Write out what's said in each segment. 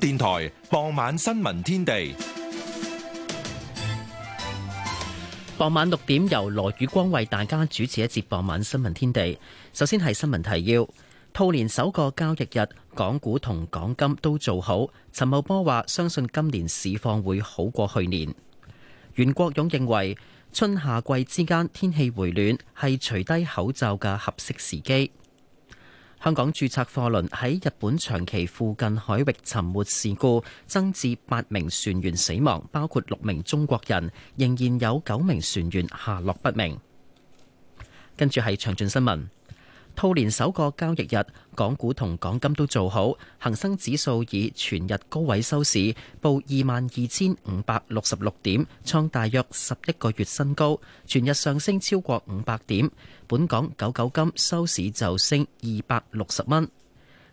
電台傍晚新聞天地，傍晚六點由羅宇光為大家主持一節傍晚新聞天地。首先係新聞提要：兔年首個交易日，港股同港金都做好。陳茂波話：相信今年市況會好過去年。袁國勇認為，春夏季之間天氣回暖，係除低口罩嘅合適時機。香港註冊貨輪喺日本長期附近海域沉沒事故，增至八名船員死亡，包括六名中國人，仍然有九名船員下落不明。跟住係詳盡新聞。兔年首個交易日，港股同港金都做好，恒生指數以全日高位收市，報二萬二千五百六十六點，創大約十一個月新高，全日上升超過五百點。本港九九金收市就升二百六十蚊。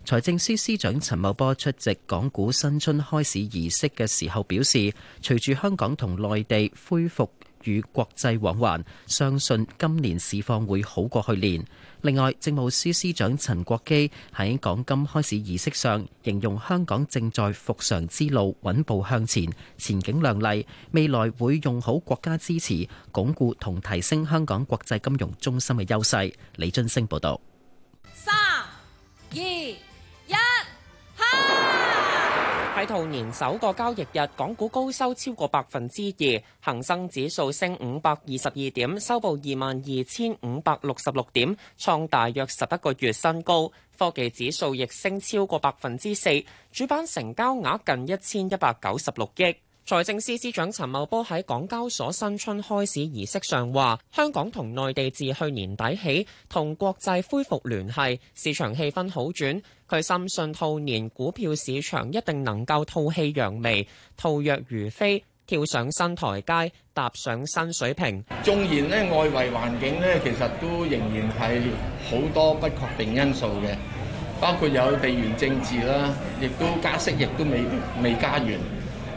財政司司長陳茂波出席港股新春開市儀式嘅時候表示，隨住香港同內地恢復，與國際往還，相信今年市況會好過去年。另外，政務司司長陳國基喺港金開始儀式上，形容香港正在復常之路穩步向前，前景亮麗，未來會用好國家支持，鞏固同提升香港國際金融中心嘅優勢。李津升報道。三二。喺兔年首個交易日，港股高收超過百分之二，恆生指數升五百二十二點，收報二萬二千五百六十六點，創大約十一個月新高。科技指數亦升超過百分之四，主板成交額近一千一百九十六億。財政司司長陳茂波喺港交所新春開市儀式上話：香港同內地自去年底起同國際恢復聯繫，市場氣氛好轉。佢深信兔年股票市場一定能夠吐氣揚眉，兔躍如飛，跳上新台階，踏上新水平。縱然呢，外圍環境呢，其實都仍然係好多不確定因素嘅，包括有地緣政治啦，亦都加息亦都未未加完。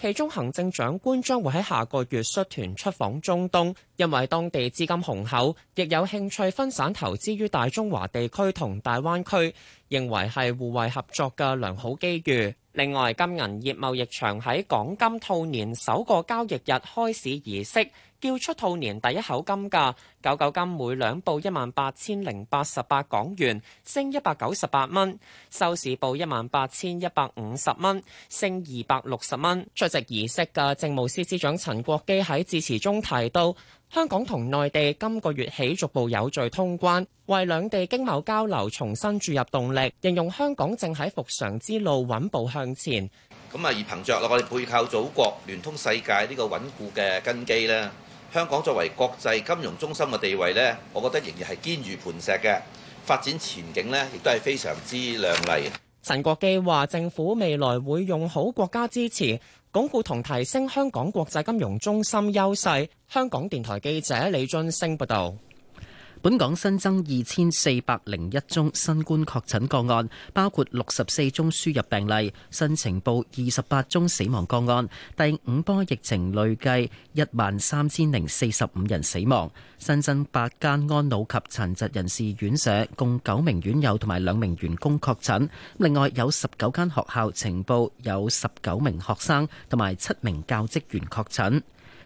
其中行政長官將會喺下個月率團出訪中東，因為當地資金雄厚，亦有興趣分散投資於大中華地區同大灣區，認為係互惠合作嘅良好機遇。另外，金銀業貿易場喺港金兔年首個交易日開始儀式。叫出套年第一口金價九九金，每兩報一萬八千零八十八港元，升一百九十八蚊；收市報一萬八千一百五十蚊，升二百六十蚊。出席儀式嘅政務司司長陳國基喺致辭中提到，香港同內地今個月起逐步有序通關，為兩地經貿交流重新注入動力。形容香港正喺復常之路穩步向前。咁啊，而憑著我哋背靠祖國、聯通世界呢個穩固嘅根基咧。香港作為國際金融中心嘅地位呢，我覺得仍然係堅如磐石嘅，發展前景呢，亦都係非常之亮麗。陳國基話，政府未來會用好國家支持，鞏固同提升香港國際金融中心優勢。香港電台記者李俊升報道。本港新增二千四百零一宗新冠確診個案，包括六十四宗輸入病例，新呈報二十八宗死亡個案。第五波疫情累計一萬三千零四十五人死亡。新增八間安老及殘疾人士院舍，共九名院友同埋兩名員工確診。另外有十九間學校呈報有十九名學生同埋七名教職員確診。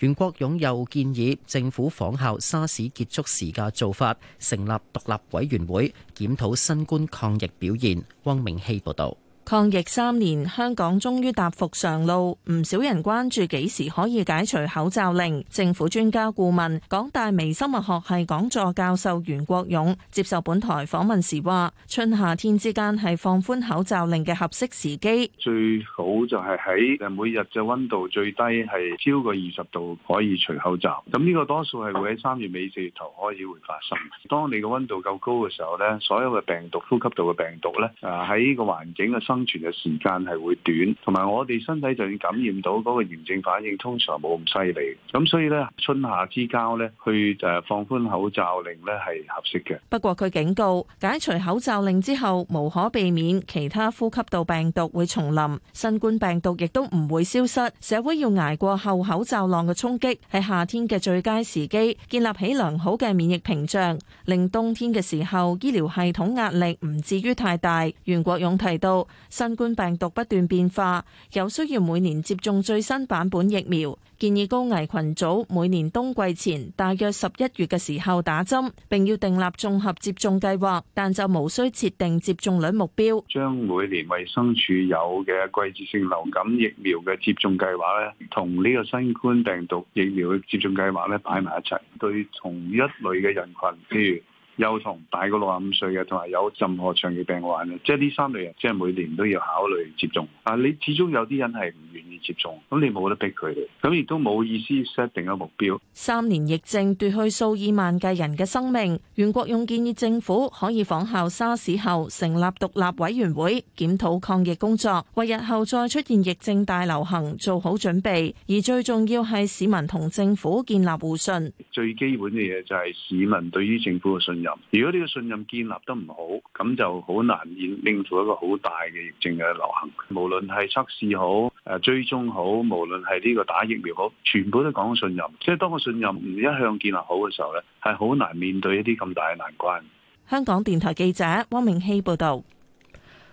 袁國勇又建議政府仿效沙士結束時嘅做法，成立獨立委員會檢討新冠抗疫表現。汪明希報導。抗疫三年，香港終於踏復上路。唔少人關注幾時可以解除口罩令。政府專家顧問、港大微生物學系講座教授袁國勇接受本台訪問時話，春夏天之間係放寬口罩令嘅合適時機。最好就係喺每日嘅溫度最低係超過二十度可以除口罩。咁呢個多數係會喺三月尾四月頭開始會發生。當你嘅溫度夠高嘅時候咧，所有嘅病毒、呼吸道嘅病毒咧，啊喺呢個環境嘅生生存嘅時間係會短，同埋我哋身體就要感染到嗰個炎症反應，通常冇咁犀利。咁所以咧，春夏之交咧，去就放寬口罩令咧係合適嘅。不過佢警告，解除口罩令之後，無可避免其他呼吸道病毒會重臨，新冠病毒亦都唔會消失。社會要捱過後口罩浪嘅衝擊，喺夏天嘅最佳時機，建立起良好嘅免疫屏障，令冬天嘅時候醫療系統壓力唔至於太大。袁國勇提到。新冠病毒不斷變化，有需要每年接種最新版本疫苗。建議高危群組每年冬季前大約十一月嘅時候打針，並要訂立綜合接種計劃，但就無需設定接種率目標，將每年衛生署有嘅季節性流感疫苗嘅接種計劃咧，同呢個新冠病毒疫苗嘅接種計劃咧擺埋一齊，對同一類嘅人群譬如。有同大過六十五歲嘅，同埋有任何長期病患嘅，即係呢三類人，即係每年都要考慮接種。啊，你始終有啲人係唔願意接種，咁你冇得逼佢哋，咁亦都冇意思 set 定一個目標。三年疫症奪去數以萬計人嘅生命，袁國勇建議政府可以仿效沙士後，成立獨立委員會檢討抗疫工作，為日後再出現疫症大流行做好準備。而最重要係市民同政府建立互信。最基本嘅嘢就係市民對於政府嘅信任。如果呢個信任建立得唔好，咁就好難應付一個好大嘅疫症嘅流行。無論係測試好，誒追蹤好，無論係呢個打疫苗好，全部都講信任。即係當個信任唔一向建立好嘅時候咧，係好難面對一啲咁大嘅難關。香港電台記者汪明希報道。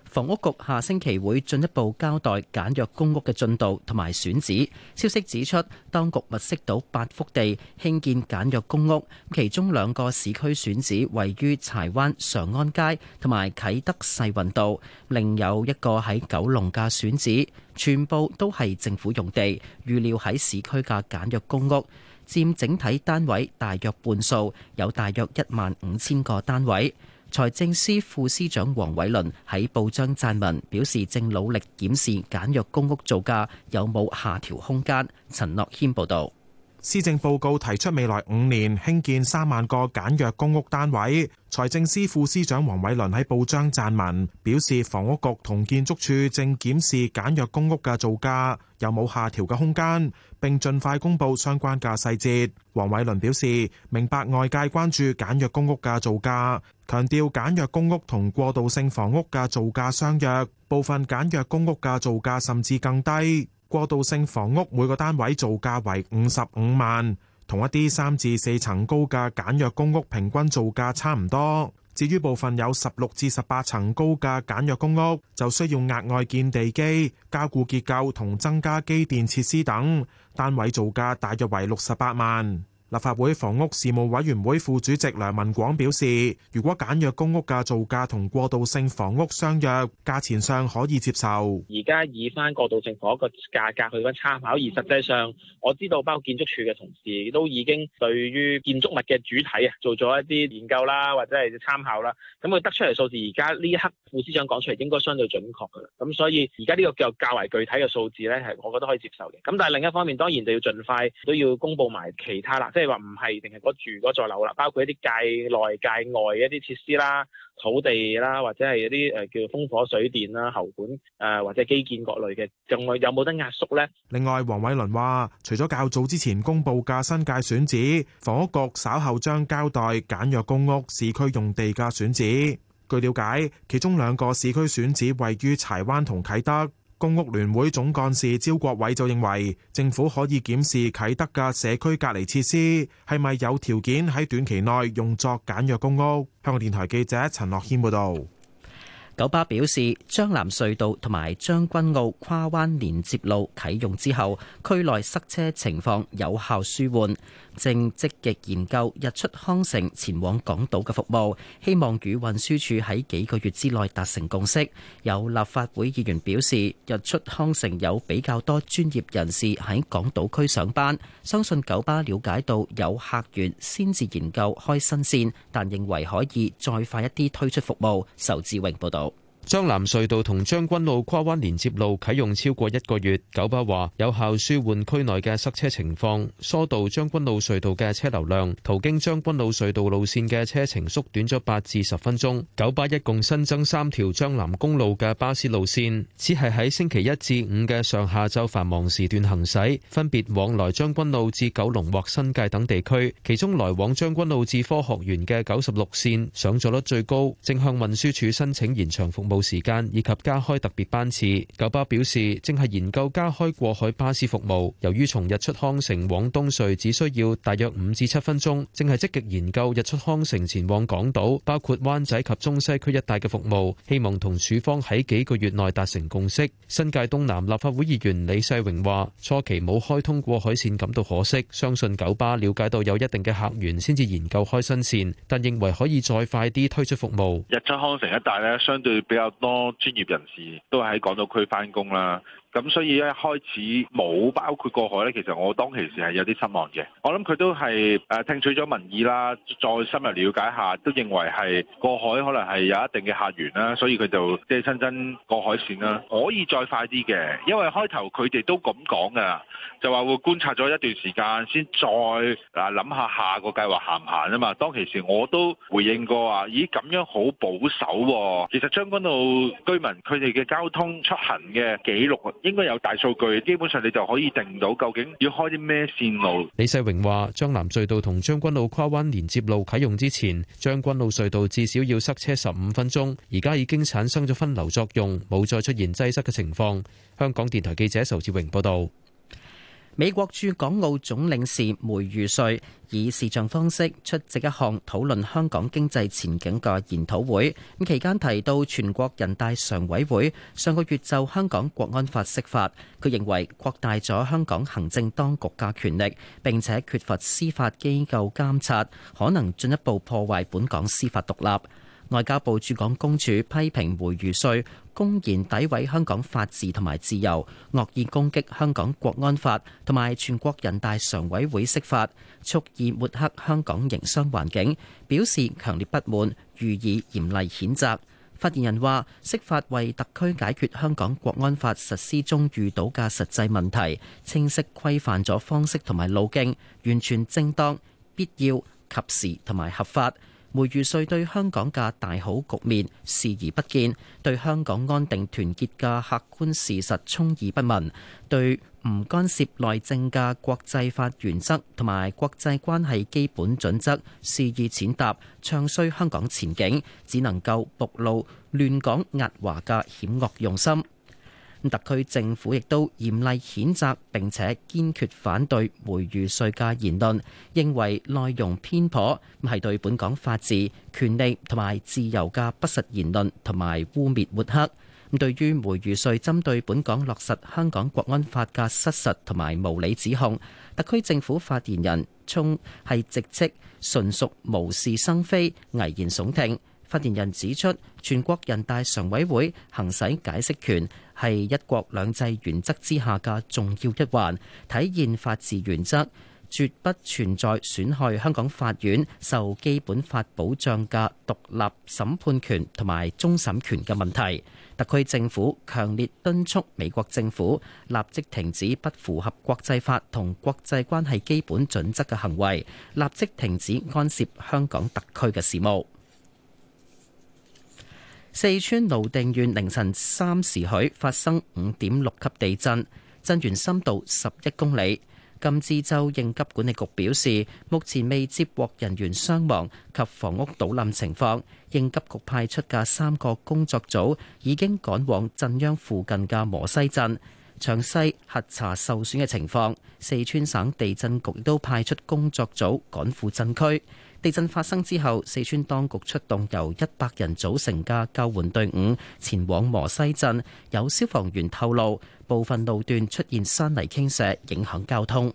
房屋局下星期會進一步交代簡約公屋嘅進度同埋選址。消息指出，當局物色到八幅地興建簡約公屋，其中兩個市區選址位於柴灣常安街同埋啟德世運道，另有一個喺九龍嘅選址，全部都係政府用地。預料喺市區嘅簡約公屋佔整體單位大約半數，有大約一萬五千個單位。財政司副司長黃偉綸喺報章撰文，表示正努力檢視簡約公屋造價有冇下調空間。陳樂謙報道，施政報告提出未來五年興建三萬個簡約公屋單位。財政司副司長黃偉綸喺報章撰文表示，房屋局同建築署正檢視簡約公屋嘅造價有冇下調嘅空間。並盡快公布相關嘅細節。黃偉倫表示，明白外界關注簡約公屋嘅造價，強調簡約公屋同過渡性房屋嘅造價相若，部分簡約公屋嘅造價甚至更低。過渡性房屋每個單位造價為五十五萬，同一啲三至四層高嘅簡約公屋平均造價差唔多。至於部分有十六至十八層高嘅簡約公屋，就需要額外建地基、加固結構同增加機電設施等，單位造價大約為六十八萬。立法會房屋事務委員會副主席梁文廣表示，如果簡約公屋嘅造價同過渡性房屋相若，價錢上可以接受。而家以翻過渡性房屋嘅價格去翻參考，而實際上我知道，包括建築署嘅同事都已經對於建築物嘅主體啊做咗一啲研究啦，或者係參考啦。咁佢得出嚟數字，而家呢一刻副司長講出嚟，應該相對準確嘅。咁所以而家呢個又較為具體嘅數字呢，係我覺得可以接受嘅。咁但係另一方面，當然就要盡快都要公布埋其他啦。即係話唔係定係嗰住嗰座樓啦，包括一啲界內界外一啲設施啦、土地啦，或者係一啲誒叫風火水電啦、喉管誒或者基建各類嘅，仲有有冇得壓縮呢？另外，黃偉倫話：除咗較早之前公布嘅新界選址，房屋局稍後將交代簡約公屋市區用地嘅選址。據瞭解，其中兩個市區選址位於柴灣同啟德。公屋聯會總幹事招國偉就認為，政府可以檢視啟德嘅社區隔離設施係咪有條件喺短期內用作簡約公屋。香港電台記者陳樂謙報道。九巴表示，將藍隧道同埋將軍澳跨灣連接路啟用之後，區內塞車情況有效紓緩。正積極研究日出康城前往港島嘅服務，希望與運輸署喺幾個月之內達成共識。有立法會議員表示，日出康城有比較多專業人士喺港島區上班，相信九巴了解到有客源先至研究開新線，但認為可以再快一啲推出服務。仇志榮報道。將南隧道同將軍澳跨灣連接路啟用超過一個月，九巴話有效舒緩區內嘅塞車情況，疏導將軍澳隧道嘅車流量。途經將軍澳隧道路線嘅車程縮短咗八至十分鐘。九巴一共新增三條將南公路嘅巴士路線，只係喺星期一至五嘅上下晝繁忙時段行駛，分別往來將軍澳至九龍或新界等地區。其中來往將軍澳至科學園嘅九十六線上座率最高，正向運輸署申請延長服務。冇時間以及加開特別班次，九巴表示正係研究加開過海巴士服務。由於從日出康城往東隧只需要大約五至七分鐘，正係積極研究日出康城前往港島，包括灣仔及中西區一帶嘅服務，希望同署方喺幾個月內達成共識。新界東南立法會議員李世榮話：初期冇開通過海線感到可惜，相信九巴瞭解到有一定嘅客源先至研究開新線，但認為可以再快啲推出服務。日出康城一帶咧，相對比較多專業人士都喺港島區翻工啦。咁所以一開始冇包括過海呢，其實我當其時係有啲失望嘅。我諗佢都係誒聽取咗民意啦，再深入了解下，都認為係過海可能係有一定嘅客源啦，所以佢就即係新增過海線啦。可以再快啲嘅，因為開頭佢哋都咁講㗎，就話會觀察咗一段時間先再啊諗下下個計劃行唔行啊嘛。當其時我都回應過話：咦咁樣好保守喎，啊。其實將軍澳居民佢哋嘅交通出行嘅記錄。應該有大數據，基本上你就可以定到究竟要開啲咩線路。李世榮話：將南隧道同將軍澳跨灣連接路啟用之前，將軍澳隧道至少要塞車十五分鐘。而家已經產生咗分流作用，冇再出現擠塞嘅情況。香港電台記者仇志榮報道。美國駐港澳總領事梅儒瑞以視像方式出席一項討論香港經濟前景嘅研討會，咁期間提到全國人大常委會上個月就香港國安法釋法，佢認為擴大咗香港行政當局嘅權力，並且缺乏司法機構監察，可能進一步破壞本港司法獨立。外交部駐港公署批評梅儒瑞。公然詆毀香港法治同埋自由，惡意攻擊香港國安法同埋全國人大常委會釋法，蓄意抹黑香港營商環境，表示強烈不滿，予以嚴厲譴責。發言人話：釋法為特區解決香港國安法實施中遇到嘅實際問題，清晰規範咗方式同埋路徑，完全正當、必要、及時同埋合法。梅宇穗對香港嘅大好局面視而不見，對香港安定團結嘅客觀事實充耳不聞，對唔干涉內政嘅國際法原則同埋國際關係基本準則肆意踐踏，唱衰香港前景，只能夠暴露亂港壓華嘅險惡用心。特區政府亦都嚴厲譴責並且堅決反對梅儒瑞嘅言論，認為內容偏頗，唔係對本港法治、權利同埋自由嘅不實言論同埋污蔑抹黑。咁，對於梅儒瑞針對本港落實香港國安法嘅失實同埋無理指控，特區政府發言人充係直斥，純屬無事生非、危言聳聽。發言人指出，全國人大常委會行使解釋權，係一國兩制原則之下嘅重要一環，體現法治原則，絕不存在損害香港法院受基本法保障嘅獨立審判權同埋終審權嘅問題。特區政府強烈敦促美國政府立即停止不符合國際法同國際關係基本準則嘅行為，立即停止干涉香港特區嘅事務。四川瀘定縣凌晨三時許發生五點六級地震，震源深度十一公里。甘孜州應急管理局表示，目前未接獲人員傷亡及房屋倒冧情況，應急局派出嘅三個工作組已經趕往震央附近嘅磨西鎮，詳細核查受損嘅情況，四川省地震局亦都派出工作組趕赴震區。地震發生之後，四川當局出動由一百人組成嘅救援隊伍前往磨西鎮。有消防員透露，部分路段出現山泥傾瀉，影響交通。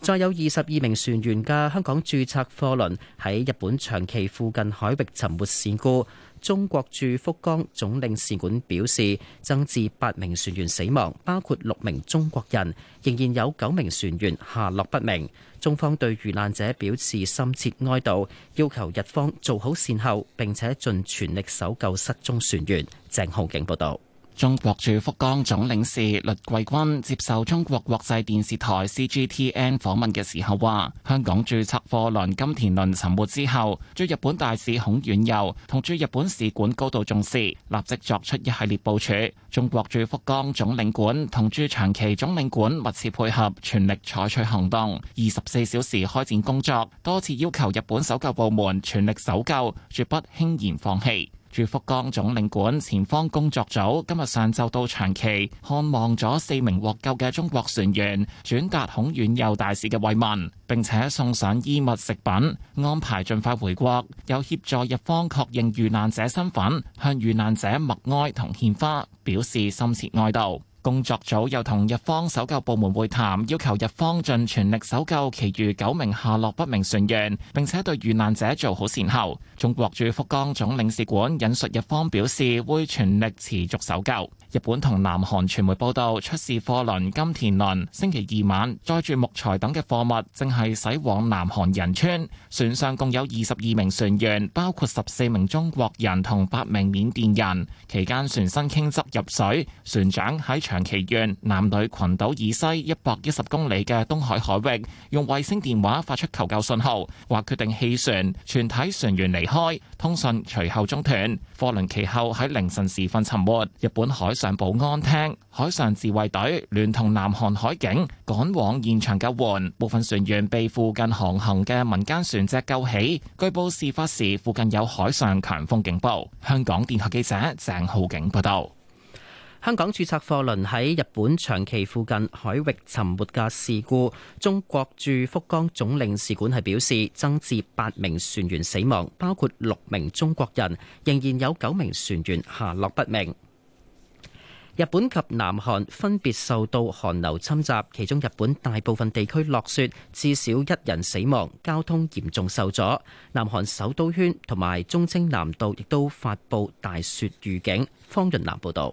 再有二十二名船員嘅香港註冊貨輪喺日本長崎附近海域沉沒事故。中國駐福岡總領事館表示，增至八名船員死亡，包括六名中國人，仍然有九名船員下落不明。中方對遇難者表示深切哀悼，要求日方做好善後，並且盡全力搜救失蹤船員。鄭浩景報道。中國駐福岡總領事栗桂君接受中國國際電視台 CGTN 訪問嘅時候話：香港註冊貨輪金田輪沉沒之後，駐日本大使孔鉉佑同駐日本使館高度重視，立即作出一系列部署。中國駐福岡總領館同駐長崎總領館密切配合，全力採取行動，二十四小時開展工作，多次要求日本搜救部門全力搜救，絕不輕言放棄。駐福岡總領館前方工作組今日上晝到長崎看望咗四名獲救嘅中國船員，轉達孔遠佑大使嘅慰問，並且送上衣物食品，安排盡快回國，又協助日方確認遇難者身份，向遇難者默哀同獻花，表示深切哀悼。工作組又同日方搜救部門會談，要求日方盡全力搜救其餘九名下落不明船員，並且對遇難者做好善後。中國駐福岡總領事館引述日方表示，會全力持續搜救。日本同南韓傳媒報道，出事貨輪金田輪星期二晚載住木材等嘅貨物，正係駛往南韓仁川。船上共有二十二名船員，包括十四名中國人同八名緬甸人。期間船身傾側入水，船長喺長期縣男女群島以西一百一十公里嘅東海海域，用衛星電話發出求救信號，話決定棄船，全體船員離開，通訊隨後中斷。貨輪其後喺凌晨時分沉沒。日本海上保安廳、海上自衛隊聯同南韓海警趕往現場救援，部分船員被附近航行嘅民間船隻救起。據報事發時附近有海上強風警報。香港電台記者鄭浩景報道。香港注冊貨輪喺日本長崎附近海域沉沒嘅事故，中國駐福岡總領事館係表示，增至八名船員死亡，包括六名中國人，仍然有九名船員下落不明。日本及南韓分別受到寒流侵襲，其中日本大部分地區落雪，至少一人死亡，交通嚴重受阻。南韓首都圈同埋忠清南道亦都發布大雪預警。方潤南報道。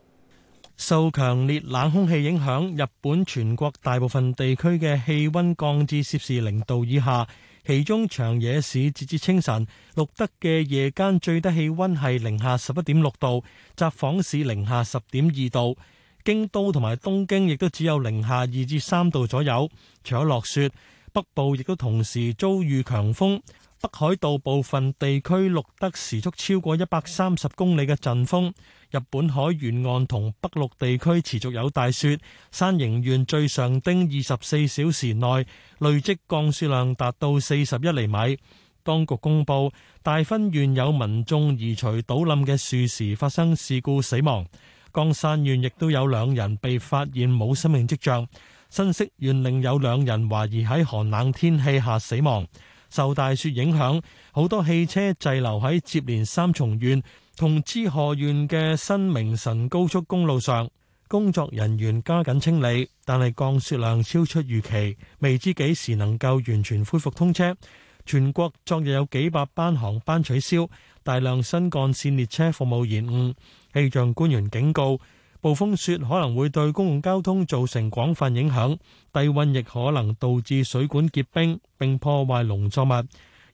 受強烈冷空氣影響，日本全國大部分地區嘅氣温降至攝氏零度以下。其中長野市截至清晨錄得嘅夜間最低氣温係零下十一點六度，札幌市零下十點二度，京都同埋東京亦都只有零下二至三度左右。除咗落雪，北部亦都同時遭遇強風，北海道部分地區錄得時速超過一百三十公里嘅陣風。日本海沿岸同北陸地區持續有大雪，山形縣最上町二十四小時內累積降雪量達到四十一厘米。當局公佈大分縣有民眾移除倒冧嘅樹時發生事故死亡，岡山縣亦都有兩人被發現冇生命跡象，新潟縣另有兩人懷疑喺寒冷天氣下死亡。受大雪影響，好多汽車滯留喺接連三重縣。同滋賀縣嘅新名神高速公路上，工作人員加緊清理，但係降雪量超出預期，未知幾時能夠完全恢復通車。全國昨日有幾百班航班取消，大量新幹線列車服務延誤。氣象官員警告，暴風雪可能會對公共交通造成廣泛影響，低溫亦可能導致水管結冰並破壞農作物。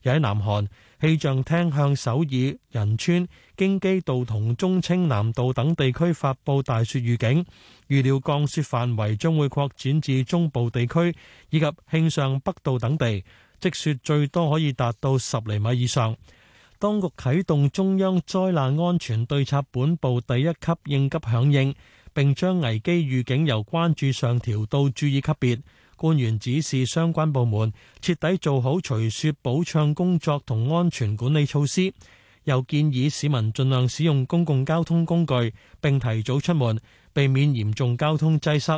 又喺南韓氣象廳向首爾、仁川、京畿道同忠清南道等地區發布大雪預警，預料降雪範圍將會擴展至中部地區以及慶尚北道等地，積雪最多可以達到十厘米以上。當局啟動中央災難安全對策本部第一級應急響應，並將危機預警由關注上調到注意級別。官員指示相關部門徹底做好除雪保暢工作同安全管理措施，又建議市民盡量使用公共交通工具，並提早出門，避免嚴重交通擠塞。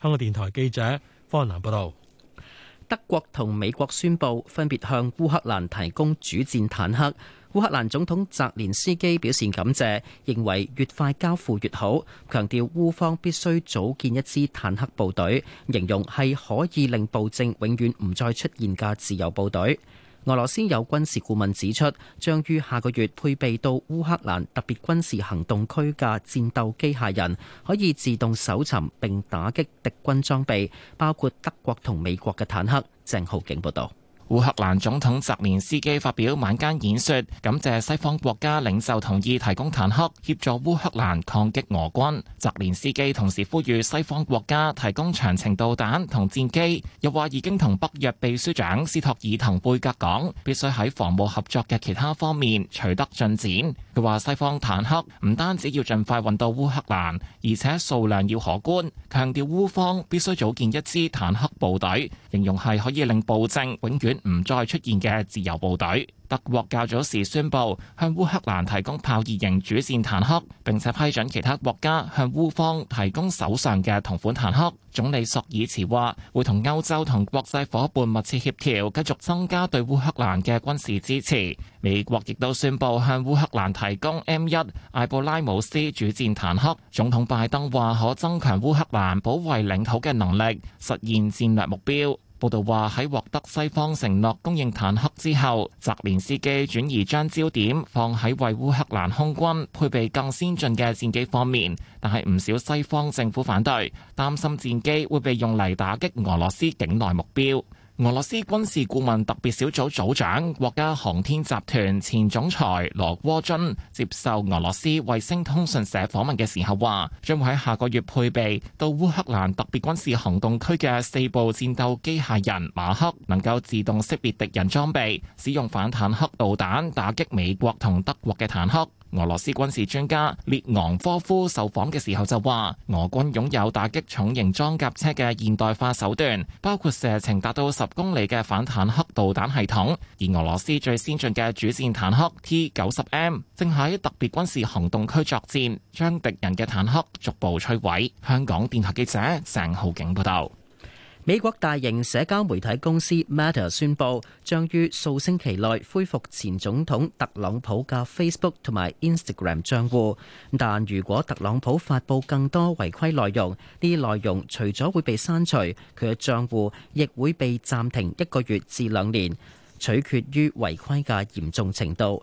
香港電台記者方南報道。德國同美國宣布分別向烏克蘭提供主戰坦克，烏克蘭總統澤連斯基表示感謝，認為越快交付越好，強調烏方必須組建一支坦克部隊，形容係可以令暴政永遠唔再出現嘅自由部隊。俄羅斯有軍事顧問指出，將於下個月配備到烏克蘭特別軍事行動區嘅戰鬥機械人，可以自動搜尋並打擊敵軍裝備，包括德國同美國嘅坦克。鄭浩景報導。烏克蘭總統澤連斯基發表晚間演說，感謝西方國家領袖同意提供坦克協助烏克蘭抗擊俄軍。澤連斯基同時呼籲西方國家提供長程導彈同戰機，又話已經同北約秘書長斯托爾滕貝格講，必須喺防務合作嘅其他方面取得進展。佢話西方坦克唔單止要盡快運到烏克蘭，而且數量要可觀。強調烏方必須組建一支坦克部隊，形容係可以令暴政永遠唔再出現嘅自由部隊。德國較早時宣布向烏克蘭提供豹二型主戰坦克，並且批准其他國家向烏方提供手上嘅同款坦克。總理索爾茨話會同歐洲同國際伙伴密切協調，繼續增加對烏克蘭嘅軍事支持。美國亦都宣布向烏克蘭提供 M 一艾布拉姆斯主戰坦克。總統拜登話可增強烏克蘭保衛領土嘅能力，實現戰略目標。報道話喺獲得西方承諾供應坦克之後，澤連斯基轉移將焦點放喺為烏克蘭空軍配備更先進嘅戰機方面，但係唔少西方政府反對，擔心戰機會被用嚟打擊俄羅斯境內目標。俄羅斯軍事顧問特別小組組長、國家航天集團前總裁羅沃津接受俄羅斯衛星通訊社訪問嘅時候話，將會喺下個月配備到烏克蘭特別軍事行動區嘅四部戰鬥機械人馬克，能夠自動識別敵人裝備，使用反坦克導彈打擊美國同德國嘅坦克。俄羅斯軍事專家列昂科夫受訪嘅時候就話，俄軍擁有打擊重型裝甲車嘅現代化手段，包括射程達到十公里嘅反坦克導彈系統，而俄羅斯最先進嘅主戰坦克 T-90M 正喺特別軍事行動區作戰，將敵人嘅坦克逐步摧毀。香港電台記者鄭浩景報道。美國大型社交媒體公司 Meta 宣布，將於數星期內恢復前總統特朗普嘅 Facebook 同埋 Instagram 賬戶。但如果特朗普發布更多違規內容，呢啲內容除咗會被刪除，佢嘅賬戶亦會被暫停一個月至兩年，取決於違規嘅嚴重程度。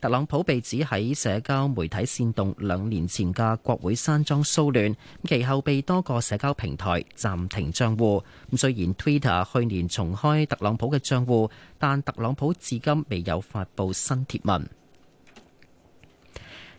特朗普被指喺社交媒體煽動兩年前嘅國會山莊騷亂，其後被多個社交平台暫停賬戶。咁雖然 Twitter 去年重開特朗普嘅賬戶，但特朗普至今未有發布新貼文。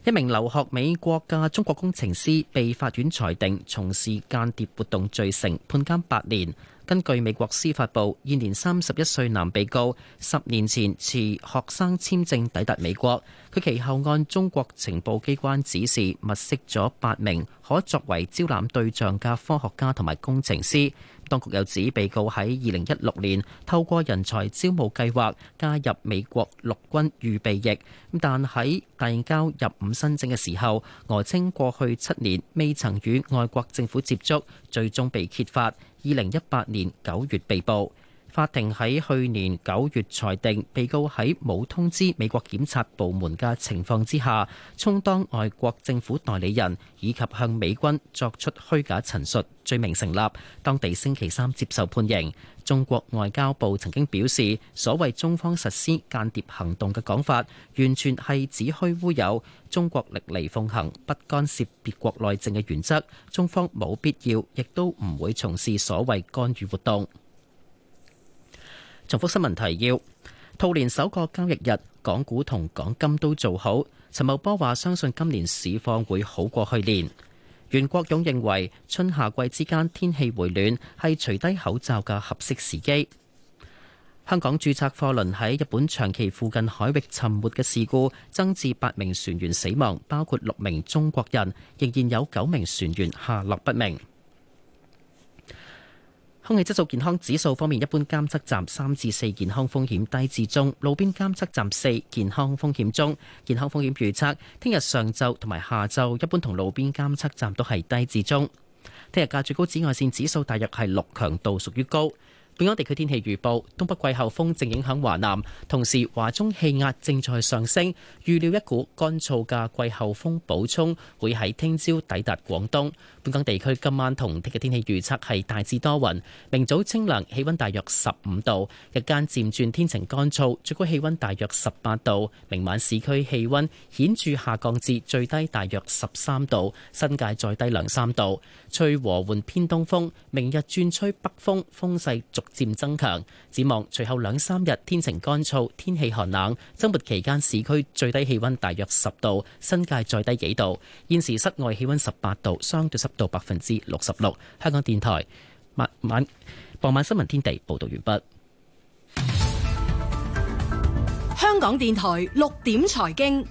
一名留學美國嘅中國工程師被法院裁定從事間諜活動罪成，判監八年。根據美國司法部，現年三十一歲男被告十年前持學生簽證抵達美國，佢其後按中國情報機關指示，物色咗八名可作為招攬對象嘅科學家同埋工程師。當局又指被告喺二零一六年透過人才招募計劃加入美國陸軍預備役，但喺遞交入伍申請嘅時候，訛稱過去七年未曾與外國政府接觸，最終被揭發，二零一八年九月被捕。法庭喺去年九月裁定，被告喺冇通知美國檢察部門嘅情況之下，充當外國政府代理人，以及向美軍作出虛假陳述，罪名成立。當地星期三接受判刑。中國外交部曾經表示，所謂中方實施間諜行動嘅講法，完全係子虛烏有。中國歷嚟奉行不干涉別國內政嘅原則，中方冇必要，亦都唔會從事所謂干預活動。重複新聞提要：兔年首個交易日，港股同港金都做好。陳茂波話相信今年市況會好過去年。袁國勇認為春夏季之間天氣回暖係除低口罩嘅合適時機。香港註冊貨輪喺日本長崎附近海域沉沒嘅事故，增至八名船員死亡，包括六名中國人，仍然有九名船員下落不明。空氣質素健康指數方面，一般監測站三至四，健康風險低至中，路邊監測站四，健康風險中。健康風險預測聽日上晝同埋下晝一般同路邊監測站都係低至中。聽日嘅最高紫外線指數大約係六，強度屬於高。本港地區天氣預報：東北季候風正影響華南，同時華中氣壓正在上升，預料一股乾燥嘅季候風補充會喺聽朝抵達廣東。本港地區今晚同聽日天氣預測係大致多雲，明早清涼，氣溫大約十五度，日間漸轉天晴乾燥，最高氣溫大約十八度。明晚市區氣溫顯著下降至最低大約十三度，新界再低兩三度，吹和緩偏東風。明日轉吹北風，風勢逐。漸增強，展望隨後兩三日天晴乾燥，天氣寒冷，周末期間市區最低氣溫大約十度，新界再低幾度。現時室外氣溫十八度，相對濕度百分之六十六。香港電台晚晚傍晚新聞天地報道完畢。香港電台六點財經，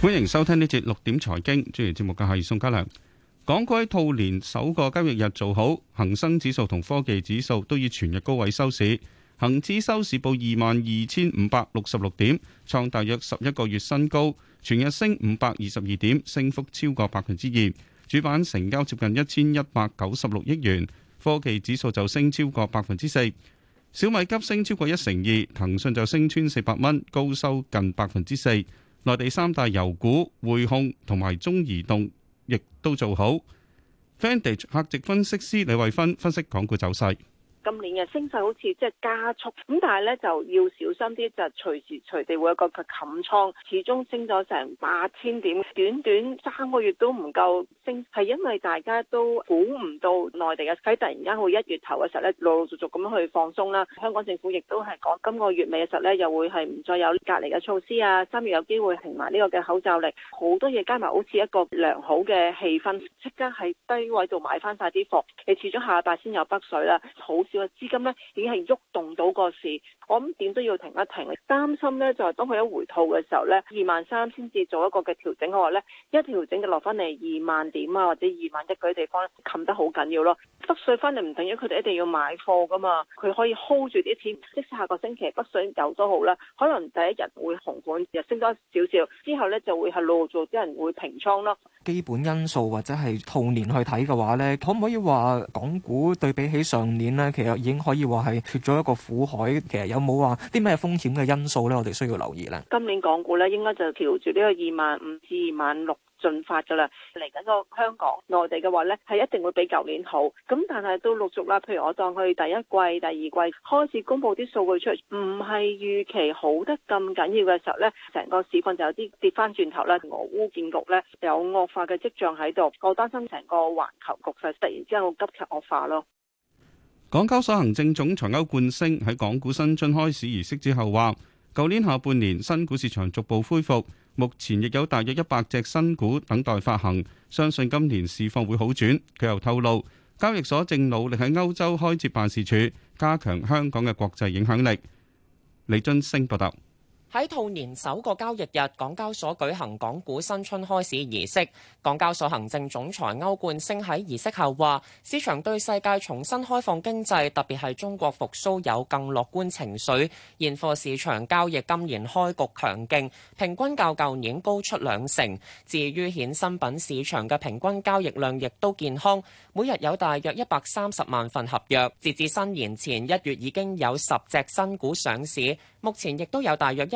歡迎收聽呢節六點財經，主持節目嘅係宋家良。港股喺兔年首個交易日做好，恒生指數同科技指數都以全日高位收市。恒指收市報二萬二千五百六十六點，創大約十一個月新高，全日升五百二十二點，升幅超過百分之二。主板成交接近一千一百九十六億元，科技指數就升超過百分之四。小米急升超過一成二，騰訊就升穿四百蚊，高收近百分之四。內地三大油股、匯控同埋中移動。亦都做好。Fandech 客席分析師李慧芬分析港股走勢。今年嘅升勢好似即係加速，咁但係咧就要小心啲，就隨時隨地會有個佢冚倉，始終升咗成八千點，短短三個月都唔夠升，係因為大家都估唔到內地嘅喺突然間會一月頭嘅時候咧，陸陸續續咁去放鬆啦。香港政府亦都係講今個月尾嘅時候咧，又會係唔再有隔離嘅措施啊，三月有機會停埋呢個嘅口罩令，多好多嘢加埋好似一個良好嘅氣氛，即刻喺低位度買翻晒啲貨，你始終下個禮拜先有北水啦，好少個資金咧已經係喐動動到個市。我諗點都要停一停擔呢，擔心咧就係、是、當佢一回吐嘅時候咧，二萬三先至做一個嘅調整嘅話咧，一調整就落翻嚟二萬點啊，或者二萬一嗰啲地方，冚得好緊要咯。北水翻嚟唔等於佢哋一定要買貨噶嘛，佢可以 hold 住啲錢，即使下個星期北水有都好啦，可能第一日會紅盤，日升多少少，之後咧就會係路做啲人會平倉咯。基本因素或者係兔年去睇嘅話咧，可唔可以話港股對比起上年咧，其實已經可以話係脱咗一個苦海，其實有冇話啲咩風險嘅因素呢？我哋需要留意咧。今年港股呢，應該就朝住呢個二萬五至二萬六進發噶啦。嚟緊個香港內地嘅話呢，係一定會比舊年好。咁但係都陸續啦，譬如我當去第一季、第二季開始公佈啲數據出嚟，唔係預期好得咁緊要嘅時候呢，成個市況就有啲跌翻轉頭啦。俄烏建局呢，有惡化嘅跡象喺度，我擔心成個環球局勢突然之間好急劇惡化咯。港交所行政總裁歐冠升喺港股新春開始儀式之後話，舊年下半年新股市場逐步恢復，目前亦有大約一百隻新股等待發行，相信今年市況會好轉。佢又透露，交易所正努力喺歐洲開設辦事處，加強香港嘅國際影響力。李津升報道。喺兔年首個交易日，港交所舉行港股新春開市儀式。港交所行政總裁歐冠昇喺儀式後話：市場對世界重新開放經濟，特別係中國復甦有更樂觀情緒。現貨市場交易今年開局強勁，平均較舊年高出兩成。至於衍生品市場嘅平均交易量亦都健康，每日有大約一百三十萬份合約。截至新年前一月已經有十隻新股上市，目前亦都有大約一。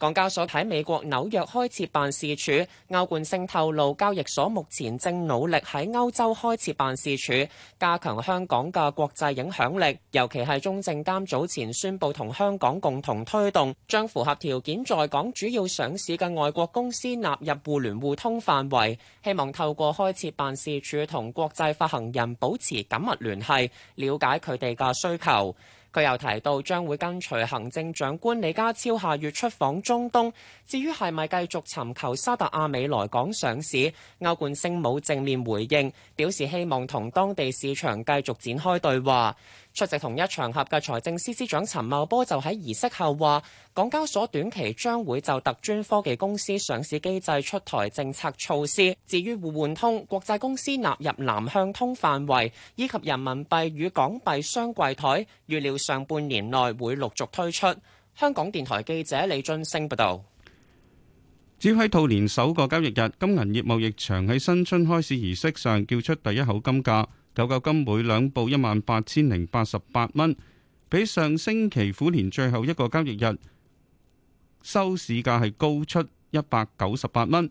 港交所喺美國紐約開設辦事處，歐冠昇透露，交易所目前正努力喺歐洲開設辦事處，加強香港嘅國際影響力。尤其係中證監早前宣布同香港共同推動，將符合條件在港主要上市嘅外國公司納入互聯互通範圍，希望透過開設辦事處同國際發行人保持緊密聯繫，了解佢哋嘅需求。佢又提到將會跟隨行政長官李家超下月出訪中東，至於係咪繼續尋求沙特阿美來港上市，歐冠昇冇正面回應，表示希望同當地市場繼續展開對話。出席同一場合嘅財政司司長陳茂波就喺儀式後話，港交所短期將會就特專科技公司上市機制出台政策措施。至於互換通、國際公司納入南向通範圍以及人民幣與港幣雙櫃台，預料上半年內會陸續推出。香港電台記者李津升報道，只喺兔年首個交易日，金銀業貿易場喺新春開市儀式上叫出第一口金價。九九金每兩報一萬八千零八十八蚊，比上星期虎年最後一個交易日收市價係高出一百九十八蚊。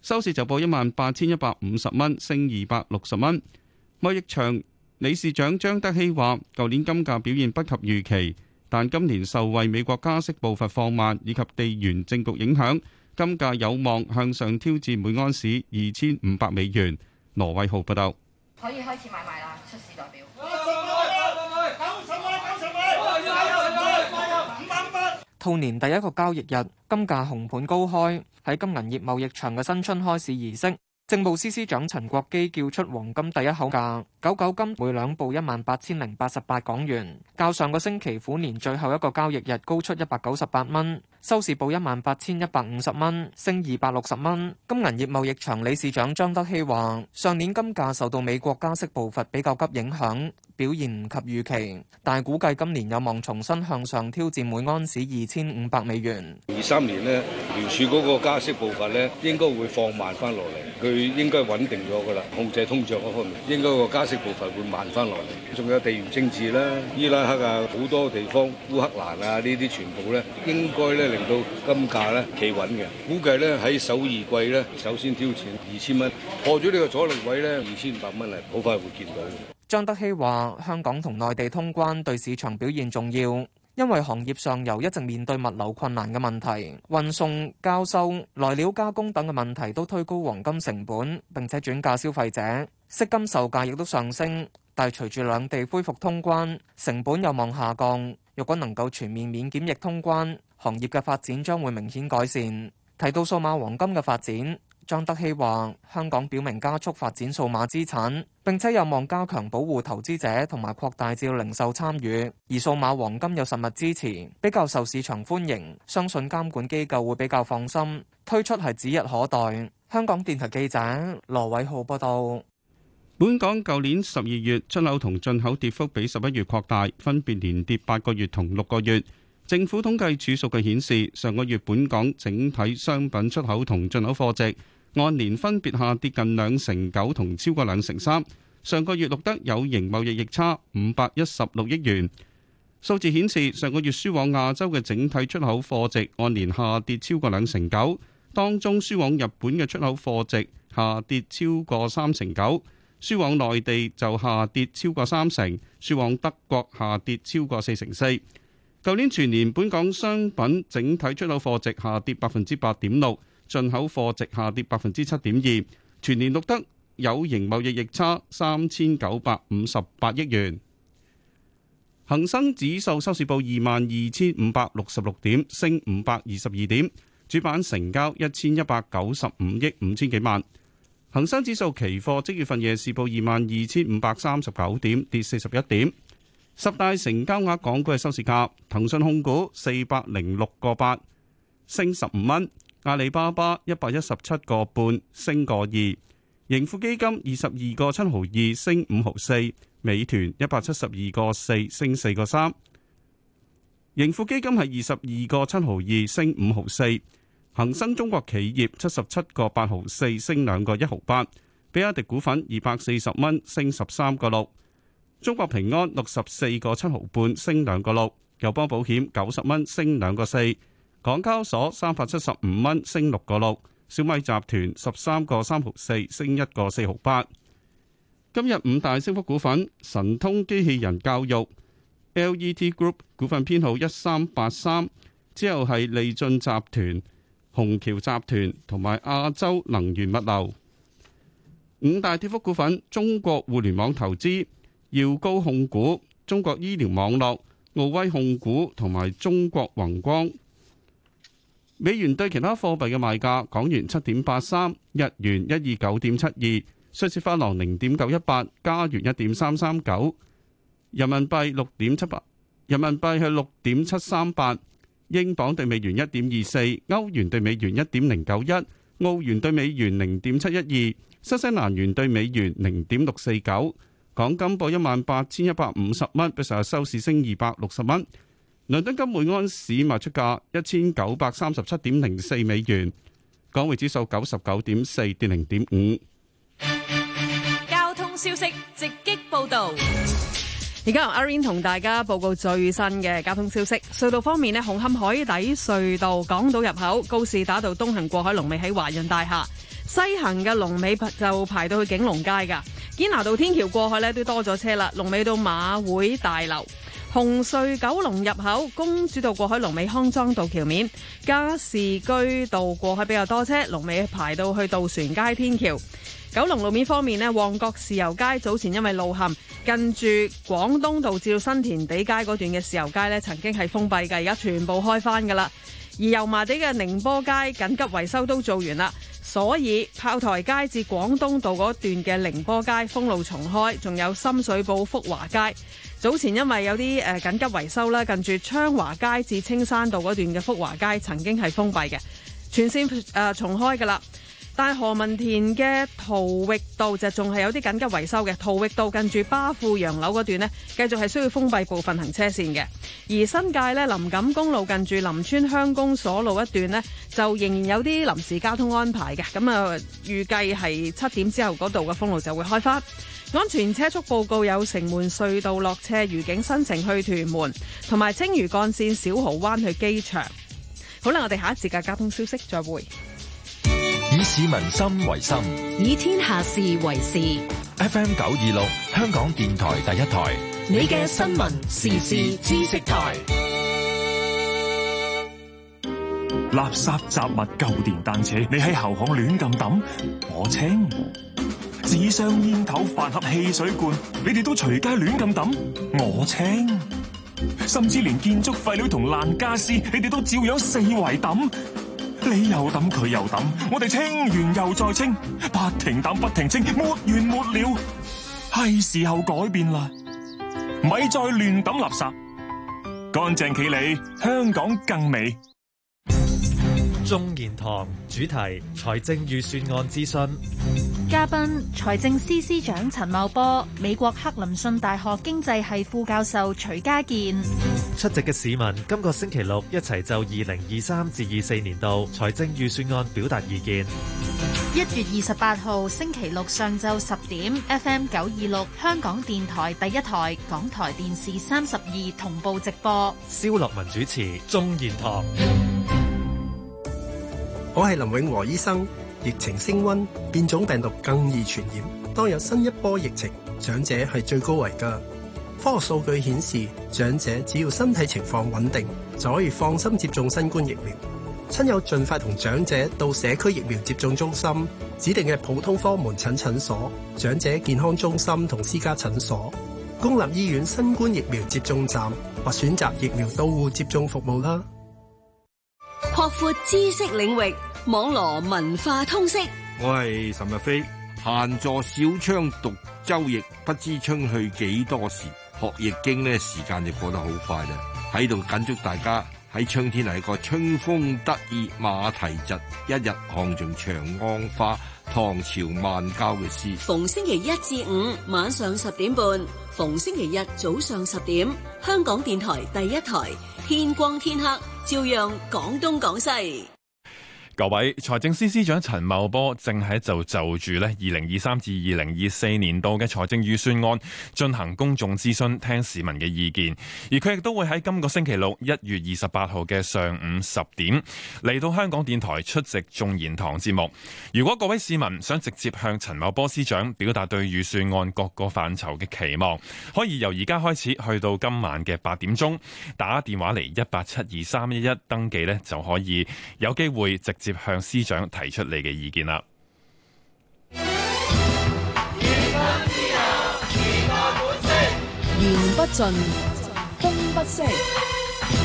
收市就報一萬八千一百五十蚊，升二百六十蚊。貿易場理事長張德熙話，舊年金價表現不及預期，但今年受惠美國加息步伐放慢以及地緣政局影響，金價有望向上挑戰每安士二千五百美元。羅偉豪報道。可以開始買賣啦！出市代表，八十萬啊！唔係，九十萬，九十萬，唔係，唔係，唔係，唔係，五萬八。兔年第一個交易日，金價紅盤高開，喺金銀業貿易場嘅新春開市儀式。政務司司長陳國基叫出黃金第一口價，九九金每兩部一萬八千零八十八港元，較上個星期虎年最後一個交易日高出一百九十八蚊，收市報一萬八千一百五十蚊，升二百六十蚊。金銀業貿易場理事長張德熙話：上年金價受到美國加息步伐比較急影響。表現唔及預期，但係估計今年有望重新向上挑戰每安士二千五百美元。二三年咧，聯儲嗰個加息步伐咧，應該會放慢翻落嚟，佢應該穩定咗噶啦，控制通脹嗰方面，應該個加息步伐會慢翻落嚟。仲有地緣政治啦，伊拉克啊，好多地方、烏克蘭啊呢啲全部咧，應該咧令到金價咧企穩嘅。估計咧喺首二季咧，首先挑戰二千蚊，破咗呢個阻力位咧，二千五百蚊嚟，好快會見到。張德熙話：香港同內地通關對市場表現重要，因為行業上游一直面對物流困難嘅問題，運送、交收、來料加工等嘅問題都推高黃金成本，並且轉嫁消費者。飾金售價亦都上升，但係隨住兩地恢復通關，成本有望下降。若果能夠全面免檢疫通關，行業嘅發展將會明顯改善。提到數碼黃金嘅發展。張德熙話：香港表明加速發展數碼資產，並且有望加強保護投資者同埋擴大至零售參與。而數碼黃金有實物支持，比較受市場歡迎，相信監管機構會比較放心，推出係指日可待。香港電台記者羅偉浩報道：本港舊年十二月出口同進口跌幅比十一月擴大，分別連跌八個月同六個月。政府統計處數據顯示，上個月本港整體商品出口同進口貨值按年分別下跌近兩成九同超過兩成三，上個月錄得有形貿易逆差五百一十六億元。數字顯示，上個月輸往亞洲嘅整體出口貨值按年下跌超過兩成九，當中輸往日本嘅出口貨值下跌超過三成九，輸往內地就下跌超過三成，輸往德國下跌超過四成四。舊年全年本港商品整體出口貨值下跌百分之八點六。進口貨值下跌百分之七點二，全年錄得有形貿易逆差三千九百五十八億元。恒生指數收市報二萬二千五百六十六點，升五百二十二點。主板成交一千一百九十五億五千幾萬。恒生指數期貨即月份夜市報二萬二千五百三十九點，跌四十一點。十大成交額港股嘅收市價，騰訊控股四百零六個八，升十五蚊。阿里巴巴一百一十七個半升個二，盈富基金二十二個七毫二升五毫四，美團一百七十二個四升四個三，盈富基金係二十二個七毫二升五毫四，恒生中國企業七十七個八毫四升兩個一毫八，比亞迪股份二百四十蚊升十三個六，中國平安六十四個七毫半升兩個六，友邦保險九十蚊升兩個四。港交所三百七十五蚊升六個六，小米集團十三個三毫四升一個四毫八。今日五大升幅股份：神通機器人教育、L.E.T Group 股份編號一三八三，之後係利進集團、虹橋集團同埋亞洲能源物流。五大跌幅股份：中國互聯網投資、耀高控股、中國醫療網絡、奧威控股同埋中國宏光。美元對其他貨幣嘅賣價：港元七點八三，日元一二九點七二，瑞士法郎零點九一八，加元一點三三九，人民幣六點七八，人民幣係六點七三八，英鎊兌美元一點二四，歐元兌美元一點零九一，澳元兌美元零點七一二，新西蘭元兌美元零點六四九。港金報一萬八千一百五十蚊，比上日收市升二百六十蚊。倫敦金每安市賣出價一千九百三十七點零四美元，港匯指數九十九點四跌零點五。交通消息直擊報道，而家由阿 i n 同大家報告最新嘅交通消息。隧道方面咧，紅磡海底隧道港島入口、高士打道東行過海龍尾喺華潤大廈，西行嘅龍尾就排到去景隆街噶。堅拿道天橋過海呢都多咗車啦，龍尾到馬會大樓。紅隧九龍入口公主道過去龍尾康莊道橋面，加士居道過去比較多車，龍尾排到去渡船街天橋。九龍路面方面呢旺角豉油街早前因為路陷，近住廣東道至到新填地街嗰段嘅豉油街咧，曾經係封閉噶，而家全部開翻噶啦。而油麻地嘅寧波街緊急維修都做完啦。所以炮台街至廣東道嗰段嘅寧波街封路重開，仲有深水埗福華街。早前因為有啲誒緊急維修啦，近住昌華街至青山道嗰段嘅福華街曾經係封閉嘅，全線誒、呃、重開噶啦。但係何文田嘅淘域道就仲係有啲緊急維修嘅，淘域道近住巴富洋樓嗰段呢，繼續係需要封閉部分行車線嘅。而新界咧，林錦公路近住林村鄉公所路一段呢，就仍然有啲臨時交通安排嘅。咁啊、呃，預計係七點之後嗰度嘅封路就會開返。安全車速報告有城門隧道落車預警，愉景新城去屯門，同埋青嶼幹線小蠔灣去機場。好啦，我哋下一節嘅交通消息再會。市民心為心，以天下事為事。FM 九二六，香港電台第一台，你嘅新聞時事知識台。垃圾雜物舊電單車，你喺後巷亂咁抌，我清。紙箱煙頭飯盒汽水罐，你哋都隨街亂咁抌，我清。甚至連建築廢料同爛家私，你哋都照樣四圍抌。你又抌佢又抌，我哋清完又再清，不停抌不停清，沒完沒了。係時候改變啦，咪再亂抌垃圾，乾淨企理，香港更美。鍾健堂。主題：財政預算案諮詢。嘉賓：財政司司長陳茂波、美國克林遜大學經濟系副教授徐家健。出席嘅市民今個星期六一齊就二零二三至二四年度財政預算案表達意見。一月二十八號星期六上晝十點，FM 九二六香港電台第一台、港台電視三十二同步直播。蕭樂文主持，鍾燕堂。我係林永和醫生。疫情升温，變種病毒更易傳染。當有新一波疫情，長者係最高危㗎。科學數據顯示，長者只要身體情況穩定，就可以放心接種新冠疫苗。親友盡快同長者到社區疫苗接種中心、指定嘅普通科門診診所、長者健康中心同私家診所、公立醫院新冠疫苗接種站或選擇疫苗到戶接種服務啦。擴闊知識領域，網羅文化通識。我係岑日飛，閒坐小窗讀周易，不知春去幾多時。學易經呢，時間就過得好快啦。喺度緊祝大家喺春天嚟個春風得意馬蹄疾，一日看盡長安花。唐朝孟郊嘅詩。逢星期一至五晚上十點半，逢星期日早上十點，香港電台第一台天光天黑，照樣講東講西。各位，財政司司長陳茂波正喺就就住呢二零二三至二零二四年度嘅財政預算案進行公眾諮詢，聽市民嘅意見。而佢亦都會喺今個星期六一月二十八號嘅上午十點嚟到香港電台出席眾言堂節目。如果各位市民想直接向陳茂波司長表達對預算案各個範疇嘅期望，可以由而家開始去到今晚嘅八點鐘，打電話嚟一八七二三一一登記呢，就可以有機會直接。接向司長提出你嘅意見啦。言不盡，風不息。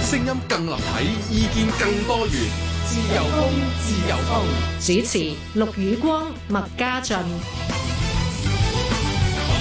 聲音更立體，意見更多元。自由風，自由風。主持：陸宇光、麥家俊。